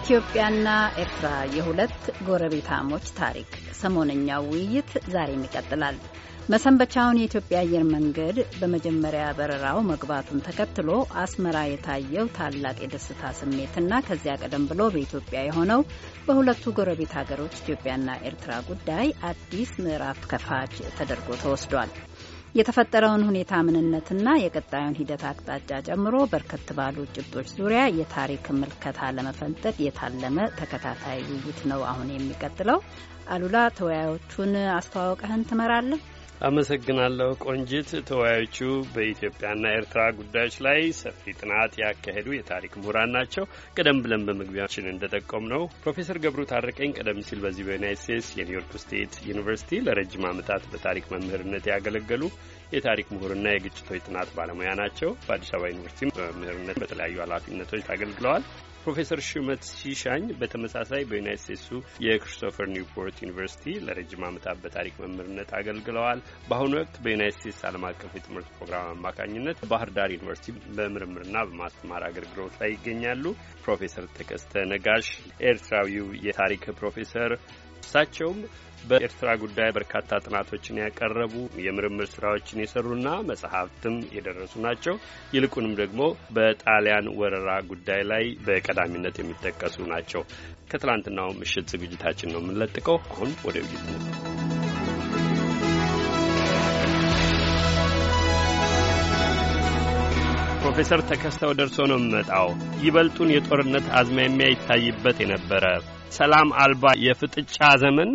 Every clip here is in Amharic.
ኢትዮጵያና ኤርትራ የሁለት ጎረቤታሞች ታሪክ ሰሞነኛው ውይይት ዛሬም ይቀጥላል። መሰንበቻውን የኢትዮጵያ አየር መንገድ በመጀመሪያ በረራው መግባቱን ተከትሎ አስመራ የታየው ታላቅ የደስታ ስሜትና ከዚያ ቀደም ብሎ በኢትዮጵያ የሆነው በሁለቱ ጎረቤት ሀገሮች ኢትዮጵያና ኤርትራ ጉዳይ አዲስ ምዕራፍ ከፋች ተደርጎ ተወስዷል። የተፈጠረውን ሁኔታ ምንነትና የቀጣዩን ሂደት አቅጣጫ ጨምሮ በርከት ባሉ ጭብጦች ዙሪያ የታሪክ ምልከታ ለመፈንጠቅ የታለመ ተከታታይ ውይይት ነው አሁን የሚቀጥለው። አሉላ ተወያዮቹን አስተዋወቀህን ትመራለህ። አመሰግናለሁ ቆንጅት ተወያዮቹ በኢትዮጵያና ኤርትራ ጉዳዮች ላይ ሰፊ ጥናት ያካሄዱ የታሪክ ምሁራን ናቸው። ቀደም ብለን በመግቢያችን እንደጠቆም ነው ፕሮፌሰር ገብሩ ታረቀኝ ቀደም ሲል በዚህ በዩናይት ስቴትስ የኒውዮርክ ስቴት ዩኒቨርሲቲ ለረጅም ዓመታት በታሪክ መምህርነት ያገለገሉ የታሪክ ምሁርና የግጭቶች ጥናት ባለሙያ ናቸው። በአዲስ አበባ ዩኒቨርሲቲ መምህርነት በተለያዩ ኃላፊነቶች አገልግለዋል። ፕሮፌሰር ሹመት ሲሻኝ በተመሳሳይ በዩናይት ስቴትሱ የክሪስቶፈር ኒውፖርት ዩኒቨርሲቲ ለረጅም ዓመታት በታሪክ መምህርነት አገልግለዋል። በአሁኑ ወቅት በዩናይት ስቴትስ ዓለም አቀፍ የትምህርት ፕሮግራም አማካኝነት ባህር ዳር ዩኒቨርሲቲ በምርምርና በማስተማር አገልግሎት ላይ ይገኛሉ። ፕሮፌሰር ተከስተ ነጋሽ ኤርትራዊው የታሪክ ፕሮፌሰር እሳቸውም በኤርትራ ጉዳይ በርካታ ጥናቶችን ያቀረቡ የምርምር ስራዎችን የሰሩና መጽሐፍትም የደረሱ ናቸው። ይልቁንም ደግሞ በጣሊያን ወረራ ጉዳይ ላይ በቀዳሚነት የሚጠቀሱ ናቸው። ከትላንትናው ምሽት ዝግጅታችን ነው የምንለጥቀው። አሁን ወደ ውይይት ነው። ፕሮፌሰር ተከስተው ደርሶ ነው የምመጣው። ይበልጡን የጦርነት አዝማሚያ ይታይበት የነበረ ሰላም አልባ የፍጥጫ ዘመን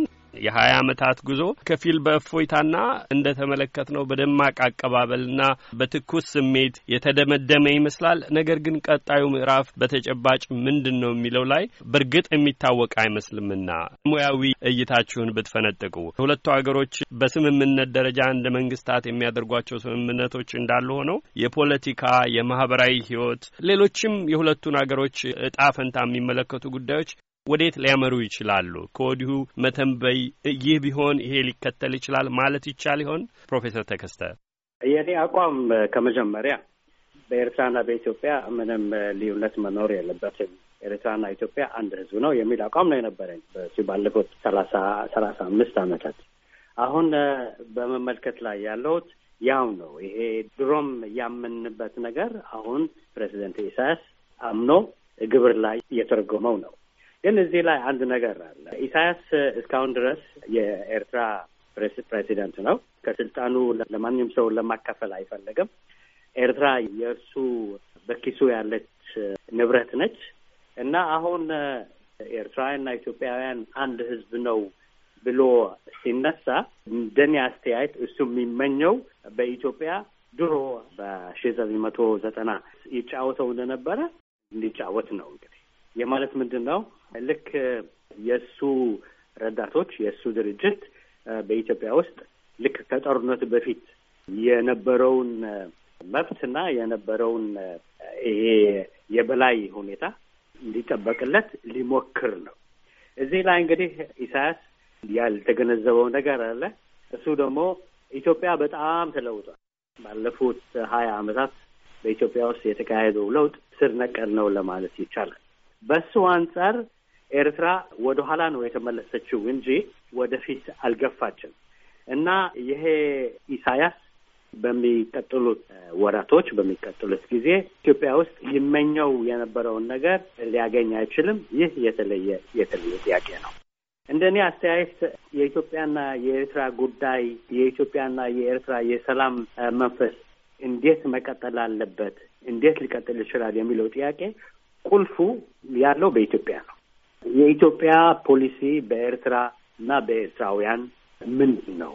የሀያ ዓመታት ጉዞ ከፊል በእፎይታና እንደ ተመለከት ነው በደማቅ አቀባበልና በትኩስ ስሜት የተደመደመ ይመስላል። ነገር ግን ቀጣዩ ምዕራፍ በተጨባጭ ምንድን ነው የሚለው ላይ በእርግጥ የሚታወቅ አይመስልምና ሙያዊ እይታችሁን ብትፈነጥቁ። ሁለቱ ሀገሮች በስምምነት ደረጃ እንደ መንግስታት የሚያደርጓቸው ስምምነቶች እንዳሉ ሆነው የፖለቲካ የማህበራዊ ህይወት፣ ሌሎችም የሁለቱን ሀገሮች እጣ ፈንታ የሚመለከቱ ጉዳዮች ወዴት ሊያመሩ ይችላሉ? ከወዲሁ መተንበይ ይህ ቢሆን ይሄ ሊከተል ይችላል ማለት ይቻል ይሆን? ፕሮፌሰር ተከስተ የኔ አቋም ከመጀመሪያ በኤርትራና በኢትዮጵያ ምንም ልዩነት መኖር የለበትም። ኤርትራና ኢትዮጵያ አንድ ህዝብ ነው የሚል አቋም ነው የነበረኝ ባለፉት ሰላሳ ሰላሳ አምስት አመታት። አሁን በመመልከት ላይ ያለሁት ያው ነው። ይሄ ድሮም ያመንበት ነገር አሁን ፕሬዚደንት ኢሳያስ አምኖ ግብር ላይ እየተረጎመው ነው። ግን እዚህ ላይ አንድ ነገር አለ። ኢሳያስ እስካሁን ድረስ የኤርትራ ፕሬዚደንት ነው። ከስልጣኑ ለማንም ሰው ለማካፈል አይፈለግም። ኤርትራ የእርሱ በኪሱ ያለች ንብረት ነች እና አሁን ኤርትራውያንና ኢትዮጵያውያን አንድ ህዝብ ነው ብሎ ሲነሳ እንደኔ አስተያየት እሱ የሚመኘው በኢትዮጵያ ድሮ በሺ ዘጠኝ መቶ ዘጠና ይጫወተው እንደነበረ እንዲጫወት ነው እንግዲህ የማለት ምንድን ነው? ልክ የእሱ ረዳቶች የእሱ ድርጅት በኢትዮጵያ ውስጥ ልክ ከጦርነቱ በፊት የነበረውን መብትና የነበረውን ይሄ የበላይ ሁኔታ እንዲጠበቅለት ሊሞክር ነው። እዚህ ላይ እንግዲህ ኢሳያስ ያልተገነዘበው ነገር አለ። እሱ ደግሞ ኢትዮጵያ በጣም ተለውጧል። ባለፉት ሀያ ዓመታት በኢትዮጵያ ውስጥ የተካሄደው ለውጥ ስር ነቀል ነው ለማለት ይቻላል። በሱ አንጻር ኤርትራ ኋላ ነው የተመለሰችው እንጂ ወደፊት አልገፋችም እና ይሄ ኢሳያስ በሚቀጥሉት ወራቶች በሚቀጥሉት ጊዜ ኢትዮጵያ ውስጥ ይመኘው የነበረውን ነገር ሊያገኝ አይችልም። ይህ የተለየ የተለየ ጥያቄ ነው። እንደ እኔ አስተያየት የኢትዮጵያና የኤርትራ ጉዳይ የኢትዮጵያና የኤርትራ የሰላም መንፈስ እንዴት መቀጠል አለበት፣ እንዴት ሊቀጥል ይችላል የሚለው ጥያቄ ቁልፉ ያለው በኢትዮጵያ ነው። የኢትዮጵያ ፖሊሲ በኤርትራ እና በኤርትራውያን ምንድን ነው?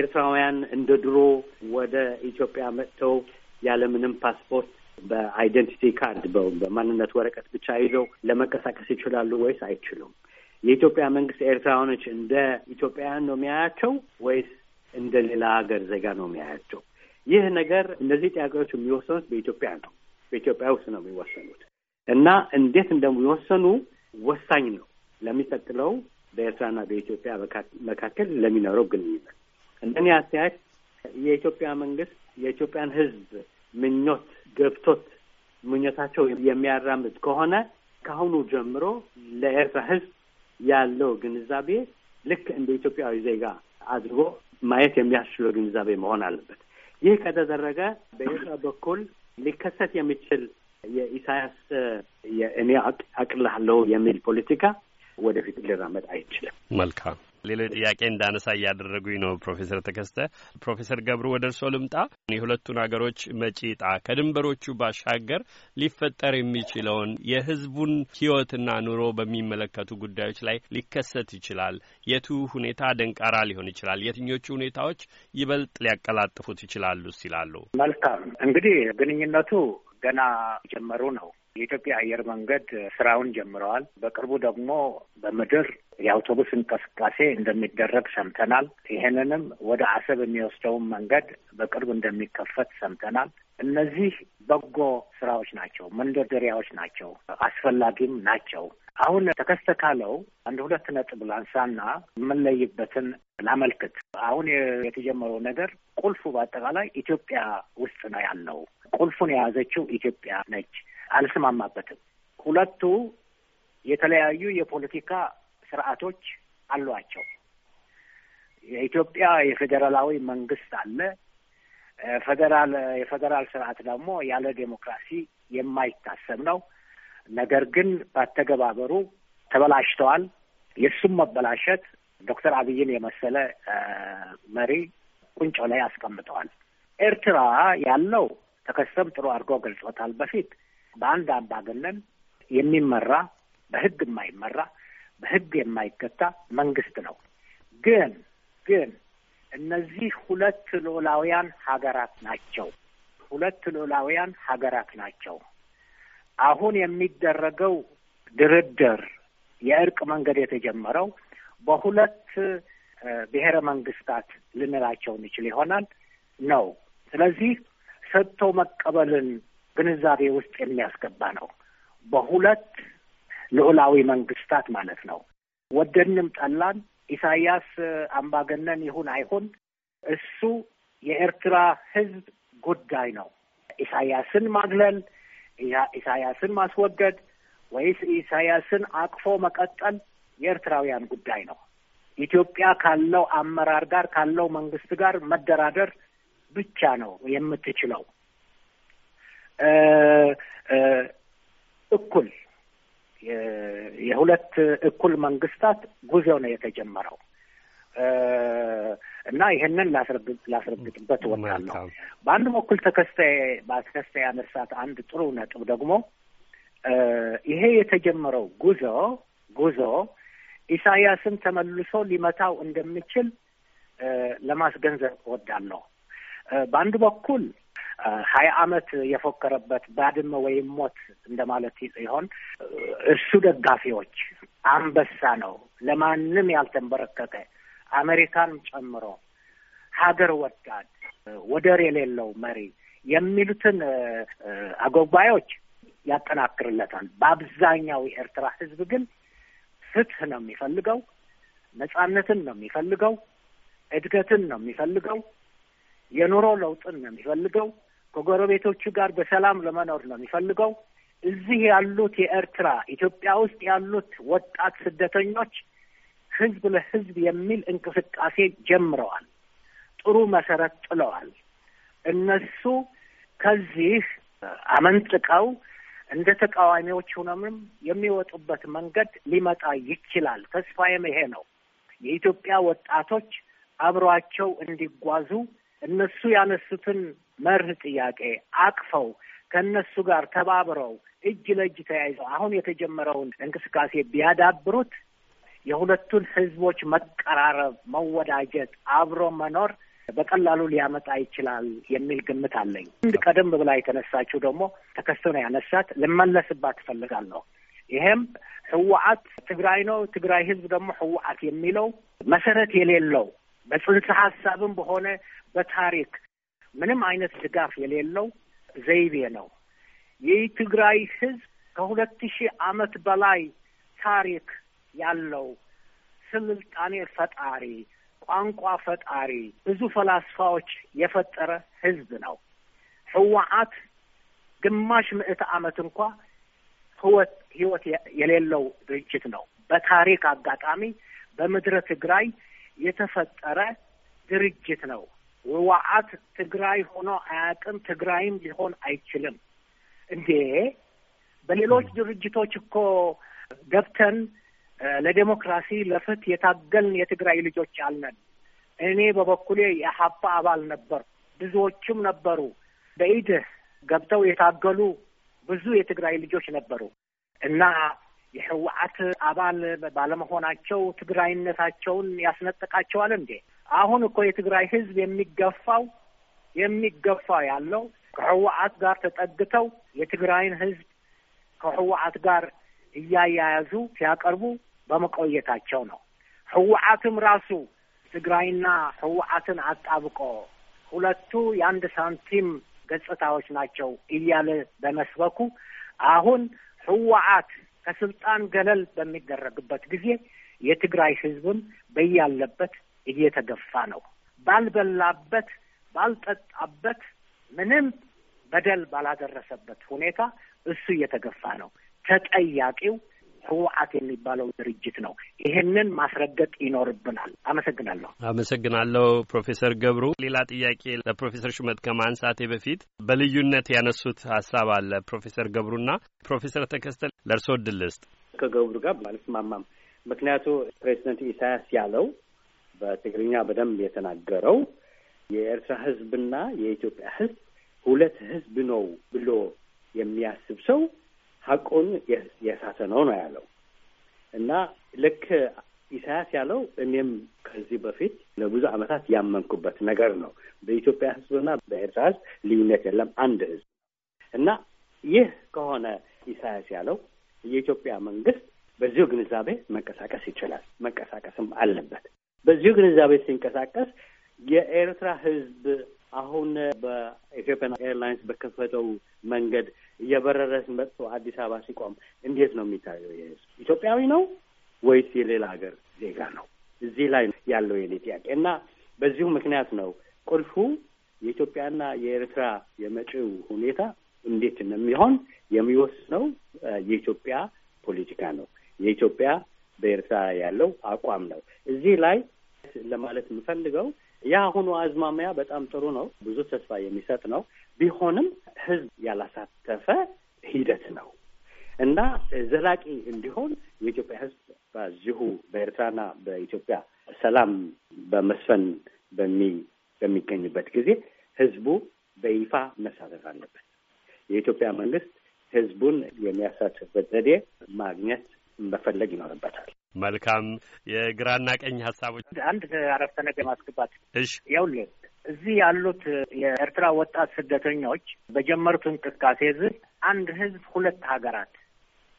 ኤርትራውያን እንደ ድሮ ወደ ኢትዮጵያ መጥተው ያለምንም ፓስፖርት በአይደንቲቲ ካርድ በማንነት ወረቀት ብቻ ይዘው ለመንቀሳቀስ ይችላሉ ወይስ አይችሉም? የኢትዮጵያ መንግስት ኤርትራውያኖች እንደ ኢትዮጵያውያን ነው የሚያያቸው ወይስ እንደ ሌላ ሀገር ዜጋ ነው የሚያያቸው? ይህ ነገር እነዚህ ጥያቄዎች የሚወሰኑት በኢትዮጵያ ነው፣ በኢትዮጵያ ውስጥ ነው የሚወሰኑት። እና እንዴት እንደሚወሰኑ ወሳኝ ነው ለሚቀጥለው በኤርትራና በኢትዮጵያ መካከል ለሚኖረው ግንኙነት። እንደኔ አስተያየት የኢትዮጵያ መንግስት የኢትዮጵያን ሕዝብ ምኞት ገብቶት ምኞታቸው የሚያራምድ ከሆነ ከአሁኑ ጀምሮ ለኤርትራ ሕዝብ ያለው ግንዛቤ ልክ እንደ ኢትዮጵያዊ ዜጋ አድርጎ ማየት የሚያስችለው ግንዛቤ መሆን አለበት። ይህ ከተደረገ በኤርትራ በኩል ሊከሰት የሚችል የኢሳያስ የእኔ አቅልሃለሁ የሚል ፖለቲካ ወደፊት ሊራመድ አይችልም። መልካም ሌሎች ጥያቄ እንዳነሳ እያደረጉኝ ነው ፕሮፌሰር ተከስተ። ፕሮፌሰር ገብሩ ወደ እርስዎ ልምጣ። የሁለቱን ሀገሮች መጪ ዕጣ ከድንበሮቹ ባሻገር ሊፈጠር የሚችለውን የሕዝቡን ሕይወትና ኑሮ በሚመለከቱ ጉዳዮች ላይ ሊከሰት ይችላል። የቱ ሁኔታ ደንቃራ ሊሆን ይችላል? የትኞቹ ሁኔታዎች ይበልጥ ሊያቀላጥፉት ይችላሉ? ሲላሉ መልካም እንግዲህ ግንኙነቱ ገና ጀመሩ ነው። የኢትዮጵያ አየር መንገድ ስራውን ጀምረዋል። በቅርቡ ደግሞ በምድር የአውቶቡስ እንቅስቃሴ እንደሚደረግ ሰምተናል። ይህንንም ወደ አሰብ የሚወስደውን መንገድ በቅርብ እንደሚከፈት ሰምተናል። እነዚህ በጎ ስራዎች ናቸው፣ መንደርደሪያዎች ናቸው፣ አስፈላጊም ናቸው። አሁን ተከስተ ካለው አንድ ሁለት ነጥብ ላንሳና የምንለይበትን ላመልክት። አሁን የተጀመረው ነገር ቁልፉ በአጠቃላይ ኢትዮጵያ ውስጥ ነው ያለው። ቁልፉን የያዘችው ኢትዮጵያ ነች። አልስማማበትም። ሁለቱ የተለያዩ የፖለቲካ ስርዓቶች አሏቸው። የኢትዮጵያ የፌዴራላዊ መንግስት አለ። ፌዴራል የፌዴራል ስርዓት ደግሞ ያለ ዴሞክራሲ የማይታሰብ ነው። ነገር ግን በአተገባበሩ ተበላሽተዋል። የእሱም መበላሸት ዶክተር አብይን የመሰለ መሪ ቁንጮ ላይ አስቀምጠዋል። ኤርትራ ያለው ተከሰም ጥሩ አድርጎ ገልጾታል። በፊት በአንድ አምባገነን የሚመራ በህግ የማይመራ በህግ የማይገታ መንግስት ነው። ግን ግን እነዚህ ሁለት ሎላውያን ሀገራት ናቸው። ሁለት ሎላውያን ሀገራት ናቸው። አሁን የሚደረገው ድርድር የእርቅ መንገድ የተጀመረው በሁለት ብሔረ መንግስታት ልንላቸው እንችል ይሆናል ነው። ስለዚህ ሰጥቶ መቀበልን ግንዛቤ ውስጥ የሚያስገባ ነው። በሁለት ልዑላዊ መንግስታት ማለት ነው። ወደንም ጠላን፣ ኢሳያስ አምባገነን ይሁን አይሁን እሱ የኤርትራ ህዝብ ጉዳይ ነው። ኢሳያስን ማግለል፣ ኢሳያስን ማስወገድ ወይስ ኢሳያስን አቅፎ መቀጠል የኤርትራውያን ጉዳይ ነው። ኢትዮጵያ ካለው አመራር ጋር ካለው መንግስት ጋር መደራደር ብቻ ነው የምትችለው። እኩል የሁለት እኩል መንግስታት ጉዞ ነው የተጀመረው እና ይህንን ላስረግጥበት እወዳለሁ። በአንድ በኩል ተከስታይ በተከስታ ያነሳት አንድ ጥሩ ነጥብ ደግሞ ይሄ የተጀመረው ጉዞ ጉዞ ኢሳያስን ተመልሶ ሊመታው እንደሚችል ለማስገንዘብ እወዳለሁ። በአንድ በኩል ሀያ አመት የፎከረበት ባድመ ወይም ሞት እንደማለት ይሆን እሱ ደጋፊዎች አንበሳ ነው፣ ለማንም ያልተንበረከከ አሜሪካን ጨምሮ ሀገር ወዳድ ወደር የሌለው መሪ የሚሉትን አጎባዮች ያጠናክርለታል። በአብዛኛው የኤርትራ ህዝብ ግን ፍትህ ነው የሚፈልገው፣ ነጻነትን ነው የሚፈልገው፣ እድገትን ነው የሚፈልገው፣ የኑሮ ለውጥን ነው የሚፈልገው። ከጎረቤቶቹ ጋር በሰላም ለመኖር ነው የሚፈልገው። እዚህ ያሉት የኤርትራ ኢትዮጵያ ውስጥ ያሉት ወጣት ስደተኞች ህዝብ ለህዝብ የሚል እንቅስቃሴ ጀምረዋል። ጥሩ መሰረት ጥለዋል። እነሱ ከዚህ አመንጥቀው እንደ ተቃዋሚዎች ሆነምም የሚወጡበት መንገድ ሊመጣ ይችላል። ተስፋዬም ይሄ ነው። የኢትዮጵያ ወጣቶች አብሯቸው እንዲጓዙ እነሱ ያነሱትን መርህ ጥያቄ አቅፈው ከእነሱ ጋር ተባብረው እጅ ለእጅ ተያይዘው አሁን የተጀመረውን እንቅስቃሴ ቢያዳብሩት የሁለቱን ህዝቦች መቀራረብ፣ መወዳጀት፣ አብሮ መኖር በቀላሉ ሊያመጣ ይችላል የሚል ግምት አለኝ። አንድ ቀደም ብላ የተነሳችው ደግሞ ተከስቶ ነው ያነሳት ልመለስባት ትፈልጋለሁ። ይሄም ህወሓት ትግራይ ነው፣ ትግራይ ህዝብ ደግሞ ህወሓት የሚለው መሰረት የሌለው በጽንሰ ሀሳብም በሆነ በታሪክ ምንም አይነት ድጋፍ የሌለው ዘይቤ ነው። የትግራይ ህዝብ ከሁለት ሺህ አመት በላይ ታሪክ ያለው ስልጣኔ ፈጣሪ፣ ቋንቋ ፈጣሪ፣ ብዙ ፈላስፋዎች የፈጠረ ህዝብ ነው። ህወሓት ግማሽ ምዕተ ዓመት እንኳ ህወት ህይወት የሌለው ድርጅት ነው። በታሪክ አጋጣሚ በምድረ ትግራይ የተፈጠረ ድርጅት ነው። ህወሓት ትግራይ ሆኖ አያውቅም፣ ትግራይም ሊሆን አይችልም። እንዴ በሌሎች ድርጅቶች እኮ ገብተን ለዴሞክራሲ ለፍትህ የታገልን የትግራይ ልጆች አልነን። እኔ በበኩሌ የሀባ አባል ነበር፣ ብዙዎችም ነበሩ። በኢድህ ገብተው የታገሉ ብዙ የትግራይ ልጆች ነበሩ እና የህወሓት አባል ባለመሆናቸው ትግራይነታቸውን ያስነጥቃቸዋል እንዴ? አሁን እኮ የትግራይ ህዝብ የሚገፋው የሚገፋ ያለው ከህወሓት ጋር ተጠግተው የትግራይን ህዝብ ከህወሓት ጋር እያያያዙ ሲያቀርቡ በመቆየታቸው ነው። ህወሓትም ራሱ ትግራይና ህወሓትን አጣብቆ ሁለቱ የአንድ ሳንቲም ገጽታዎች ናቸው እያለ በመስበኩ አሁን ህወሓት ከስልጣን ገለል በሚደረግበት ጊዜ የትግራይ ህዝብም በያለበት እየተገፋ ነው። ባልበላበት፣ ባልጠጣበት፣ ምንም በደል ባላደረሰበት ሁኔታ እሱ እየተገፋ ነው። ተጠያቂው ህወሓት የሚባለው ድርጅት ነው። ይሄንን ማስረገጥ ይኖርብናል። አመሰግናለሁ። አመሰግናለሁ ፕሮፌሰር ገብሩ። ሌላ ጥያቄ ለፕሮፌሰር ሹመት ከማንሳቴ በፊት በልዩነት ያነሱት ሀሳብ አለ ፕሮፌሰር ገብሩና ፕሮፌሰር ተከስተ ለእርስዎ ድል ከገብሩ ጋር አልስማማም። ምክንያቱ ፕሬዚደንት ኢሳያስ ያለው በትግርኛ በደንብ የተናገረው የኤርትራ ህዝብና የኢትዮጵያ ህዝብ ሁለት ህዝብ ነው ብሎ የሚያስብ ሰው ሀቁን የሳተ ነው ነው ያለው እና ልክ ኢሳያስ ያለው እኔም ከዚህ በፊት ለብዙ ዓመታት ያመንኩበት ነገር ነው። በኢትዮጵያ ህዝብና በኤርትራ ህዝብ ልዩነት የለም፣ አንድ ህዝብ እና ይህ ከሆነ ኢሳያስ ያለው የኢትዮጵያ መንግስት በዚሁ ግንዛቤ መንቀሳቀስ ይችላል፣ መንቀሳቀስም አለበት። በዚሁ ግንዛቤ ሲንቀሳቀስ የኤርትራ ህዝብ አሁን በኢትዮጵያን ኤርላይንስ በከፈተው መንገድ እየበረረ መጥቶ አዲስ አበባ ሲቆም እንዴት ነው የሚታየው? የህዝብ ኢትዮጵያዊ ነው ወይስ የሌላ ሀገር ዜጋ ነው? እዚህ ላይ ያለው የኔ ጥያቄ እና በዚሁ ምክንያት ነው ቁልፉ የኢትዮጵያና የኤርትራ የመጪው ሁኔታ እንዴት እንደሚሆን የሚወስነው የኢትዮጵያ ፖለቲካ ነው። የኢትዮጵያ በኤርትራ ያለው አቋም ነው። እዚህ ላይ ለማለት የምፈልገው ያ አሁኑ አዝማሚያ በጣም ጥሩ ነው፣ ብዙ ተስፋ የሚሰጥ ነው። ቢሆንም ህዝብ ያላሳተፈ ሂደት ነው እና ዘላቂ እንዲሆን የኢትዮጵያ ህዝብ በዚሁ በኤርትራና በኢትዮጵያ ሰላም በመስፈን በሚ በሚገኝበት ጊዜ ህዝቡ በይፋ መሳተፍ አለበት። የኢትዮጵያ መንግስት ህዝቡን የሚያሳትፍበት ዘዴ ማግኘት መፈለግ ይኖርበታል። መልካም የግራና ቀኝ ሀሳቦች አንድ አረፍተ ነገር ማስገባት እሺ፣ እዚህ ያሉት የኤርትራ ወጣት ስደተኞች በጀመሩት እንቅስቃሴ እዚህ አንድ ህዝብ ሁለት ሀገራት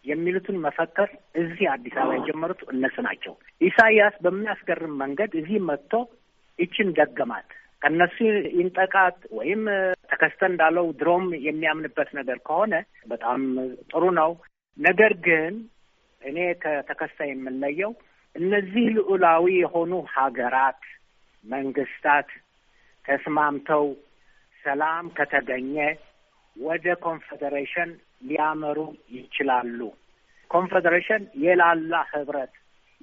የሚሉትን መፈከር እዚህ አዲስ አበባ የጀመሩት እነሱ ናቸው። ኢሳያስ በሚያስገርም መንገድ እዚህ መጥቶ ይችን ደገማት። ከነሱ ይንጠቃት ወይም ተከስተ እንዳለው ድሮም የሚያምንበት ነገር ከሆነ በጣም ጥሩ ነው። ነገር ግን እኔ ከተከሳ የምለየው እነዚህ ልዑላዊ የሆኑ ሀገራት መንግስታት ተስማምተው ሰላም ከተገኘ ወደ ኮንፌዴሬሽን ሊያመሩ ይችላሉ። ኮንፌዴሬሽን የላላ ህብረት፣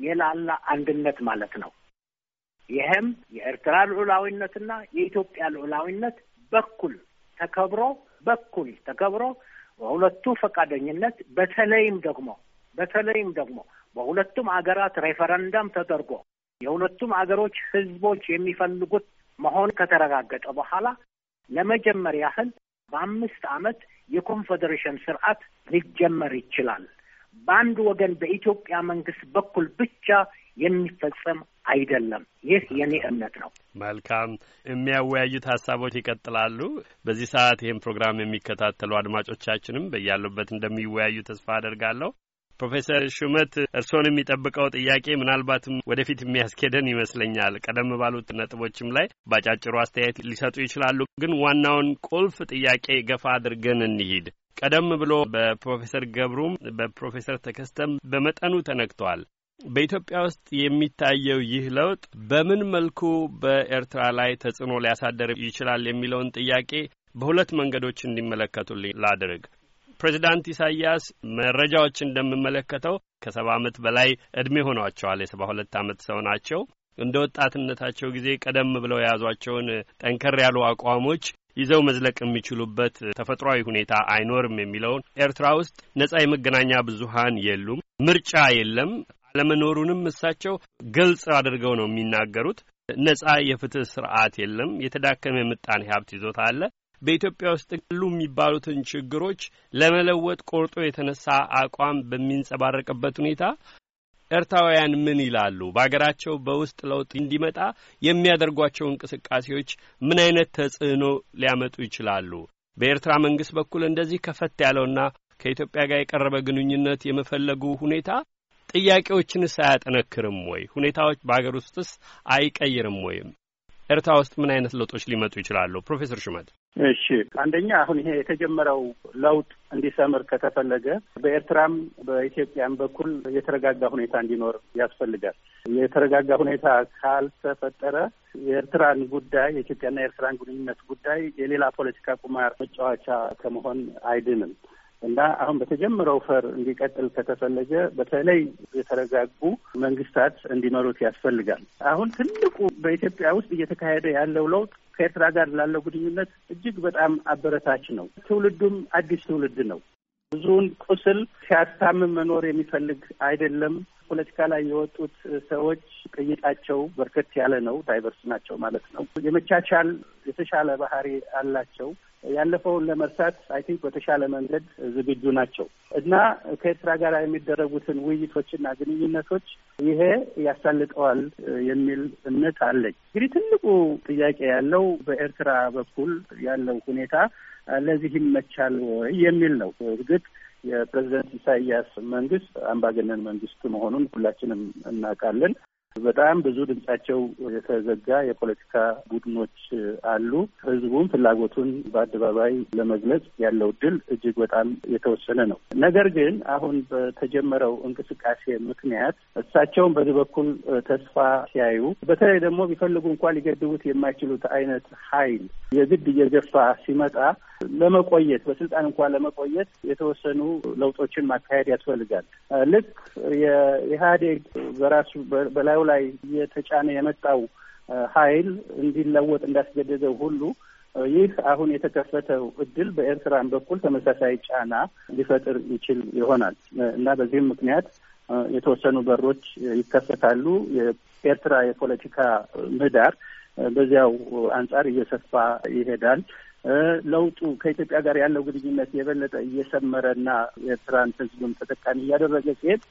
የላላ አንድነት ማለት ነው። ይህም የኤርትራ ልዑላዊነትና የኢትዮጵያ ልዑላዊነት በኩል ተከብሮ በኩል ተከብሮ በሁለቱ ፈቃደኝነት በተለይም ደግሞ በተለይም ደግሞ በሁለቱም አገራት ሬፈረንደም ተደርጎ የሁለቱም አገሮች ህዝቦች የሚፈልጉት መሆን ከተረጋገጠ በኋላ ለመጀመሪያ ያህል በአምስት ዓመት የኮንፌዴሬሽን ስርዓት ሊጀመር ይችላል። በአንድ ወገን በኢትዮጵያ መንግስት በኩል ብቻ የሚፈጸም አይደለም። ይህ የኔ እምነት ነው። መልካም የሚያወያዩት ሀሳቦች ይቀጥላሉ። በዚህ ሰዓት ይህን ፕሮግራም የሚከታተሉ አድማጮቻችንም በያሉበት እንደሚወያዩ ተስፋ አደርጋለሁ። ፕሮፌሰር ሹመት እርስዎን የሚጠብቀው ጥያቄ ምናልባትም ወደፊት የሚያስኬደን ይመስለኛል። ቀደም ባሉት ነጥቦችም ላይ ባጫጭሩ አስተያየት ሊሰጡ ይችላሉ። ግን ዋናውን ቁልፍ ጥያቄ ገፋ አድርገን እንሂድ። ቀደም ብሎ በፕሮፌሰር ገብሩም በፕሮፌሰር ተከስተም በመጠኑ ተነክቷል። በኢትዮጵያ ውስጥ የሚታየው ይህ ለውጥ በምን መልኩ በኤርትራ ላይ ተጽዕኖ ሊያሳደር ይችላል የሚለውን ጥያቄ በሁለት መንገዶች እንዲመለከቱልኝ ላድርግ። ፕሬዚዳንት ኢሳያስ መረጃዎች እንደምመለከተው ከሰባ ዓመት በላይ እድሜ ሆኗቸዋል። የሰባ ሁለት ዓመት ሰው ናቸው። እንደ ወጣትነታቸው ጊዜ ቀደም ብለው የያዟቸውን ጠንከር ያሉ አቋሞች ይዘው መዝለቅ የሚችሉበት ተፈጥሯዊ ሁኔታ አይኖርም የሚለውን ኤርትራ ውስጥ ነጻ የመገናኛ ብዙሀን የሉም፣ ምርጫ የለም አለመኖሩንም እሳቸው ግልጽ አድርገው ነው የሚናገሩት። ነጻ የፍትህ ስርዓት የለም፣ የተዳከመ የምጣኔ ሀብት ይዞታ አለ። በኢትዮጵያ ውስጥ ሉ የሚባሉትን ችግሮች ለመለወጥ ቆርጦ የተነሳ አቋም በሚንጸባረቅበት ሁኔታ ኤርትራውያን ምን ይላሉ? በሀገራቸው በውስጥ ለውጥ እንዲመጣ የሚያደርጓቸው እንቅስቃሴዎች ምን አይነት ተጽዕኖ ሊያመጡ ይችላሉ? በኤርትራ መንግስት በኩል እንደዚህ ከፈት ያለውና ከኢትዮጵያ ጋር የቀረበ ግንኙነት የመፈለጉ ሁኔታ ጥያቄዎችንስ አያጠነክርም ወይ? ሁኔታዎች በሀገር ውስጥስ አይቀይርም ወይም ኤርትራ ውስጥ ምን አይነት ለውጦች ሊመጡ ይችላሉ? ፕሮፌሰር ሹመት እሺ አንደኛ አሁን ይሄ የተጀመረው ለውጥ እንዲሰምር ከተፈለገ በኤርትራም በኢትዮጵያም በኩል የተረጋጋ ሁኔታ እንዲኖር ያስፈልጋል። የተረጋጋ ሁኔታ ካልተፈጠረ የኤርትራን ጉዳይ የኢትዮጵያና የኤርትራን ግንኙነት ጉዳይ የሌላ ፖለቲካ ቁማር መጫወቻ ከመሆን አይድንም እና አሁን በተጀመረው ፈር እንዲቀጥል ከተፈለገ በተለይ የተረጋጉ መንግስታት እንዲመሩት ያስፈልጋል። አሁን ትልቁ በኢትዮጵያ ውስጥ እየተካሄደ ያለው ለውጥ ከኤርትራ ጋር ላለው ግንኙነት እጅግ በጣም አበረታች ነው። ትውልዱም አዲስ ትውልድ ነው። ብዙውን ቁስል ሲያስታምም መኖር የሚፈልግ አይደለም። ፖለቲካ ላይ የወጡት ሰዎች ቅይጣቸው በርከት ያለ ነው። ዳይቨርስ ናቸው ማለት ነው። የመቻቻል የተሻለ ባህሪ አላቸው። ያለፈውን ለመርሳት አይ ቲንክ በተሻለ መንገድ ዝግጁ ናቸው እና ከኤርትራ ጋር የሚደረጉትን ውይይቶችና ግንኙነቶች ይሄ ያሳልጠዋል የሚል እምነት አለኝ። እንግዲህ ትልቁ ጥያቄ ያለው በኤርትራ በኩል ያለው ሁኔታ ለዚህ ይመቻል ወይ የሚል ነው። እርግጥ የፕሬዚደንት ኢሳያስ መንግስት አምባገነን መንግስት መሆኑን ሁላችንም እናውቃለን። በጣም ብዙ ድምጻቸው የተዘጋ የፖለቲካ ቡድኖች አሉ። ህዝቡም ፍላጎቱን በአደባባይ ለመግለጽ ያለው እድል እጅግ በጣም የተወሰነ ነው። ነገር ግን አሁን በተጀመረው እንቅስቃሴ ምክንያት እሳቸውን በዚህ በኩል ተስፋ ሲያዩ፣ በተለይ ደግሞ ቢፈልጉ እንኳን ሊገድቡት የማይችሉት አይነት ኃይል የግድ እየገፋ ሲመጣ ለመቆየት በስልጣን እንኳን ለመቆየት የተወሰኑ ለውጦችን ማካሄድ ያስፈልጋል። ልክ የኢህአዴግ በራሱ በላዩ ላይ እየተጫነ የመጣው ኃይል እንዲለወጥ እንዳስገደደው ሁሉ ይህ አሁን የተከፈተው እድል በኤርትራን በኩል ተመሳሳይ ጫና ሊፈጥር ይችል ይሆናል እና በዚህም ምክንያት የተወሰኑ በሮች ይከፈታሉ። የኤርትራ የፖለቲካ ምህዳር በዚያው አንጻር እየሰፋ ይሄዳል። ለውጡ ከኢትዮጵያ ጋር ያለው ግንኙነት የበለጠ እየሰመረና ኤርትራን ሕዝቡም ተጠቃሚ እያደረገ ሲሄድ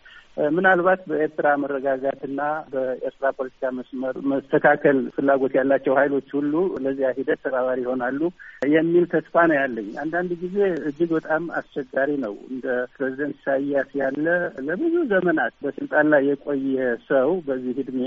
ምናልባት በኤርትራ መረጋጋትና በኤርትራ ፖለቲካ መስመር መስተካከል ፍላጎት ያላቸው ኃይሎች ሁሉ ለዚያ ሂደት ተባባሪ ይሆናሉ የሚል ተስፋ ነው ያለኝ። አንዳንድ ጊዜ እጅግ በጣም አስቸጋሪ ነው። እንደ ፕሬዚደንት ኢሳያስ ያለ ለብዙ ዘመናት በስልጣን ላይ የቆየ ሰው በዚህ እድሜ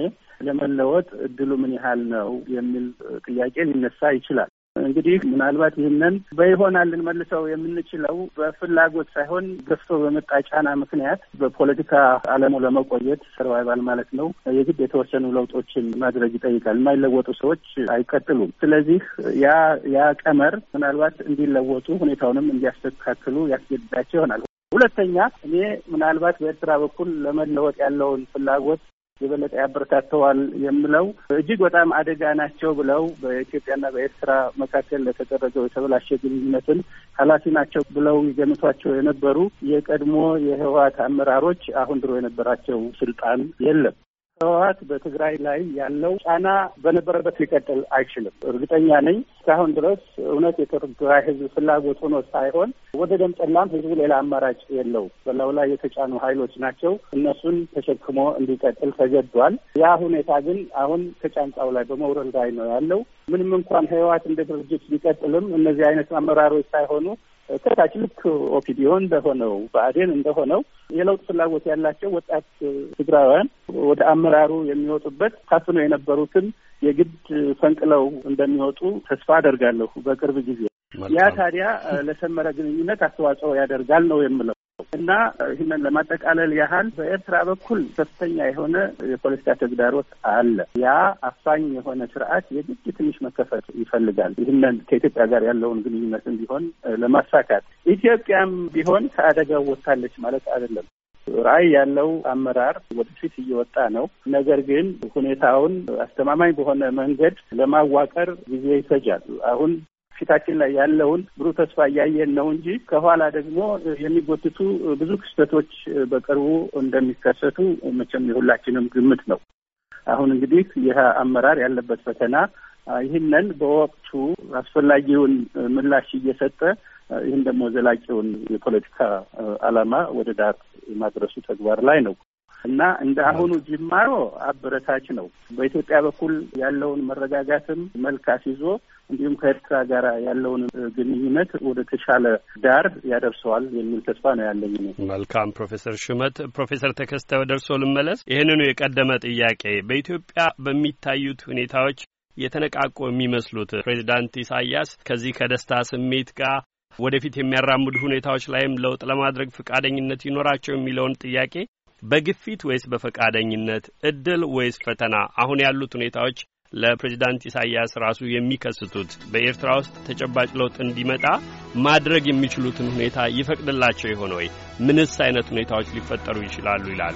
ለመለወጥ እድሉ ምን ያህል ነው የሚል ጥያቄ ሊነሳ ይችላል። እንግዲህ ምናልባት ይህንን በይሆናልን መልሰው የምንችለው በፍላጎት ሳይሆን ገፍቶ በመጣ ጫና ምክንያት በፖለቲካ ዓለሙ ለመቆየት ሰርቫይቫል ማለት ነው የግድ የተወሰኑ ለውጦችን ማድረግ ይጠይቃል። የማይለወጡ ሰዎች አይቀጥሉም። ስለዚህ ያ ያ ቀመር ምናልባት እንዲለወጡ ሁኔታውንም እንዲያስተካክሉ ያስገድዳቸው ይሆናል። ሁለተኛ እኔ ምናልባት በኤርትራ በኩል ለመለወጥ ያለውን ፍላጎት የበለጠ ያበረታተዋል የምለው እጅግ በጣም አደጋ ናቸው ብለው በኢትዮጵያና በኤርትራ መካከል ለተደረገው የተበላሸ ግንኙነትን ኃላፊ ናቸው ብለው ይገምቷቸው የነበሩ የቀድሞ የህወሀት አመራሮች አሁን ድሮ የነበራቸው ስልጣን የለም። ህወሓት በትግራይ ላይ ያለው ጫና በነበረበት ሊቀጥል አይችልም። እርግጠኛ ነኝ። እስካሁን ድረስ እውነት የትግራይ ህዝብ ፍላጎት ሆኖ ሳይሆን ወደ ደምጠላም ህዝቡ ሌላ አማራጭ የለው። በላዩ ላይ የተጫኑ ሀይሎች ናቸው። እነሱን ተሸክሞ እንዲቀጥል ተገዷል። ያ ሁኔታ ግን አሁን ከጫንቃው ላይ በመውረድ ላይ ነው ያለው። ምንም እንኳን ህወሓት እንደ ድርጅት ቢቀጥልም እነዚህ አይነት አመራሮች ሳይሆኑ ከታች ልክ ኦፒዲዮ እንደሆነው ብአዴን እንደሆነው የለውጥ ፍላጎት ያላቸው ወጣት ትግራውያን ወደ አመራሩ የሚወጡበት ታፍነው የነበሩትን የግድ ፈንቅለው እንደሚወጡ ተስፋ አደርጋለሁ በቅርብ ጊዜ። ያ ታዲያ ለሰመረ ግንኙነት አስተዋጽኦ ያደርጋል ነው የምለው። እና ይህንን ለማጠቃለል ያህል በኤርትራ በኩል ከፍተኛ የሆነ የፖለቲካ ተግዳሮት አለ። ያ አፋኝ የሆነ ስርዓት የግድ ትንሽ መከፈት ይፈልጋል። ይህንን ከኢትዮጵያ ጋር ያለውን ግንኙነትን ቢሆን ለማሳካት ኢትዮጵያም ቢሆን ከአደጋው ወጥታለች ማለት አይደለም። ራዕይ ያለው አመራር ወደፊት እየወጣ ነው። ነገር ግን ሁኔታውን አስተማማኝ በሆነ መንገድ ለማዋቀር ጊዜ ይፈጃል። አሁን ፊታችን ላይ ያለውን ብሩህ ተስፋ እያየን ነው እንጂ ከኋላ ደግሞ የሚጎትቱ ብዙ ክስተቶች በቅርቡ እንደሚከሰቱ መቼም የሁላችንም ግምት ነው። አሁን እንግዲህ ይህ አመራር ያለበት ፈተና ይህንን በወቅቱ አስፈላጊውን ምላሽ እየሰጠ ይህን ደግሞ ዘላቂውን የፖለቲካ ዓላማ ወደ ዳር የማድረሱ ተግባር ላይ ነው እና እንደ አሁኑ ጅማሮ አበረታች ነው። በኢትዮጵያ በኩል ያለውን መረጋጋትም መልክ አስይዞ እንዲሁም ከኤርትራ ጋር ያለውን ግንኙነት ወደ ተሻለ ዳር ያደርሰዋል የሚል ተስፋ ነው ያለኝ። መልካም ፕሮፌሰር ሹመት። ፕሮፌሰር ተከስተ ወደ እርስዎ ልመለስ። ይህንኑ የቀደመ ጥያቄ በኢትዮጵያ በሚታዩት ሁኔታዎች የተነቃቁ የሚመስሉት ፕሬዚዳንት ኢሳያስ ከዚህ ከደስታ ስሜት ጋር ወደፊት የሚያራምዱ ሁኔታዎች ላይም ለውጥ ለማድረግ ፈቃደኝነት ይኖራቸው የሚለውን ጥያቄ በግፊት ወይስ በፈቃደኝነት፣ እድል ወይስ ፈተና፣ አሁን ያሉት ሁኔታዎች ለፕሬዚዳንት ኢሳያስ ራሱ የሚከስቱት በኤርትራ ውስጥ ተጨባጭ ለውጥ እንዲመጣ ማድረግ የሚችሉትን ሁኔታ ይፈቅድላቸው ይሆን ወይ? ምንስ አይነት ሁኔታዎች ሊፈጠሩ ይችላሉ ይላሉ?